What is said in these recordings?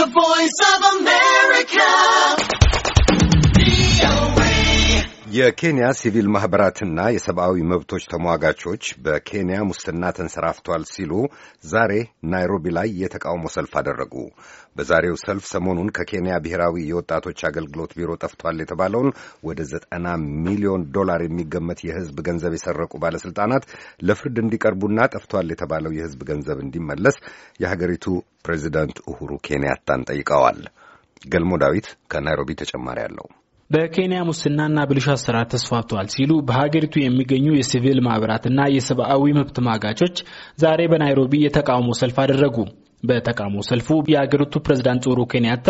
The Voice of man. የኬንያ ሲቪል ማኅበራትና የሰብአዊ መብቶች ተሟጋቾች በኬንያ ሙስና ተንሰራፍቷል ሲሉ ዛሬ ናይሮቢ ላይ የተቃውሞ ሰልፍ አደረጉ። በዛሬው ሰልፍ ሰሞኑን ከኬንያ ብሔራዊ የወጣቶች አገልግሎት ቢሮ ጠፍቷል የተባለውን ወደ ዘጠና ሚሊዮን ዶላር የሚገመት የሕዝብ ገንዘብ የሰረቁ ባለሥልጣናት ለፍርድ እንዲቀርቡና ጠፍቷል የተባለው የሕዝብ ገንዘብ እንዲመለስ የሀገሪቱ ፕሬዚደንት ኡሁሩ ኬንያታን ጠይቀዋል። ገልሞ ዳዊት ከናይሮቢ ተጨማሪ አለው። በኬንያ ሙስናና ብልሹ አሰራር ተስፋፍቷል ሲሉ በሀገሪቱ የሚገኙ የሲቪል ማህበራትና የሰብአዊ መብት ማጋቾች ዛሬ በናይሮቢ የተቃውሞ ሰልፍ አደረጉ። በተቃውሞ ሰልፉ የአገሪቱ ፕሬዝዳንት ኡሁሩ ኬንያታ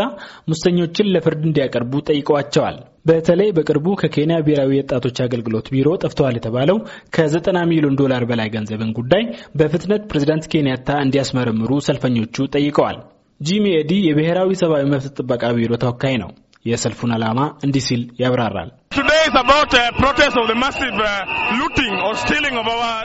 ሙሰኞችን ለፍርድ እንዲያቀርቡ ጠይቀዋቸዋል። በተለይ በቅርቡ ከኬንያ ብሔራዊ የወጣቶች አገልግሎት ቢሮ ጠፍተዋል የተባለው ከ90 ሚሊዮን ዶላር በላይ ገንዘብን ጉዳይ በፍጥነት ፕሬዝዳንት ኬንያታ እንዲያስመረምሩ ሰልፈኞቹ ጠይቀዋል። ጂሚ ኤዲ የብሔራዊ ሰብአዊ መብት ጥበቃ ቢሮ ተወካይ ነው። የሰልፉን ዓላማ እንዲህ ሲል ያብራራል። uh, uh,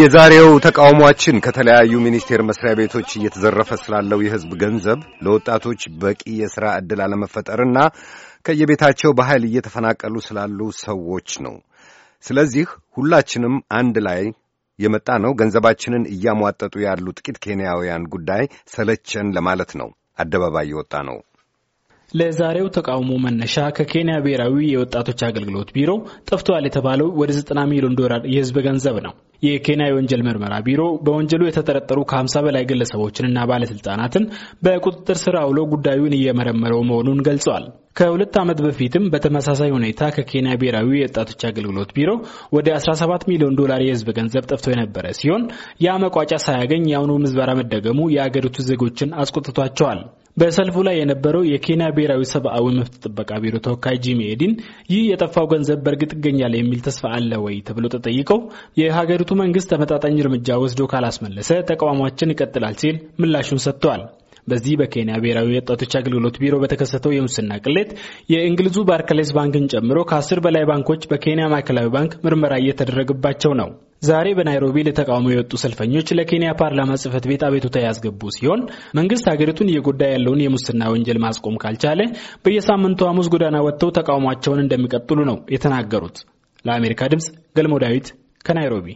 የዛሬው ተቃውሟችን ከተለያዩ ሚኒስቴር መስሪያ ቤቶች እየተዘረፈ ስላለው የሕዝብ ገንዘብ፣ ለወጣቶች በቂ የሥራ ዕድል አለመፈጠርና ከየቤታቸው በኃይል እየተፈናቀሉ ስላሉ ሰዎች ነው። ስለዚህ ሁላችንም አንድ ላይ የመጣ ነው ገንዘባችንን እያሟጠጡ ያሉ ጥቂት ኬንያውያን ጉዳይ ሰለቸን ለማለት ነው። አደባባይ የወጣ ነው። ለዛሬው ተቃውሞ መነሻ ከኬንያ ብሔራዊ የወጣቶች አገልግሎት ቢሮ ጠፍቷል የተባለው ወደ 90 ሚሊዮን ዶላር የህዝብ ገንዘብ ነው። የኬንያ የወንጀል ምርመራ ቢሮ በወንጀሉ የተጠረጠሩ ከ50 በላይ ግለሰቦችንና ባለስልጣናትን በቁጥጥር ስር አውሎ ጉዳዩን እየመረመረው መሆኑን ገልጸዋል። ከሁለት ዓመት በፊትም በተመሳሳይ ሁኔታ ከኬንያ ብሔራዊ የወጣቶች አገልግሎት ቢሮ ወደ 17 ሚሊዮን ዶላር የህዝብ ገንዘብ ጠፍቶ የነበረ ሲሆን ያ መቋጫ ሳያገኝ የአሁኑ ምዝበራ መደገሙ የአገሪቱ ዜጎችን አስቆጥቷቸዋል። በሰልፉ ላይ የነበረው የኬንያ ብሔራዊ ሰብአዊ መብት ጥበቃ ቢሮ ተወካይ ጂሚ ኤዲን ይህ የጠፋው ገንዘብ በእርግጥ ይገኛል የሚል ተስፋ አለ ወይ ተብሎ ተጠይቀው የሀገሪቱ መንግስት ተመጣጣኝ እርምጃ ወስዶ ካላስመለሰ ተቃውሟችን ይቀጥላል ሲል ምላሹን ሰጥቷል። በዚህ በኬንያ ብሔራዊ የወጣቶች አገልግሎት ቢሮ በተከሰተው የሙስና ቅሌት የእንግሊዙ ባርክሌስ ባንክን ጨምሮ ከአስር በላይ ባንኮች በኬንያ ማዕከላዊ ባንክ ምርመራ እየተደረገባቸው ነው። ዛሬ በናይሮቢ ለተቃውሞ የወጡ ሰልፈኞች ለኬንያ ፓርላማ ጽህፈት ቤት አቤቱታ ያስገቡ ሲሆን መንግስት ሀገሪቱን እየጎዳ ያለውን የሙስና ወንጀል ማስቆም ካልቻለ በየሳምንቱ ሐሙስ ጎዳና ወጥተው ተቃውሟቸውን እንደሚቀጥሉ ነው የተናገሩት። ለአሜሪካ ድምፅ ገልሞ ዳዊት ከናይሮቢ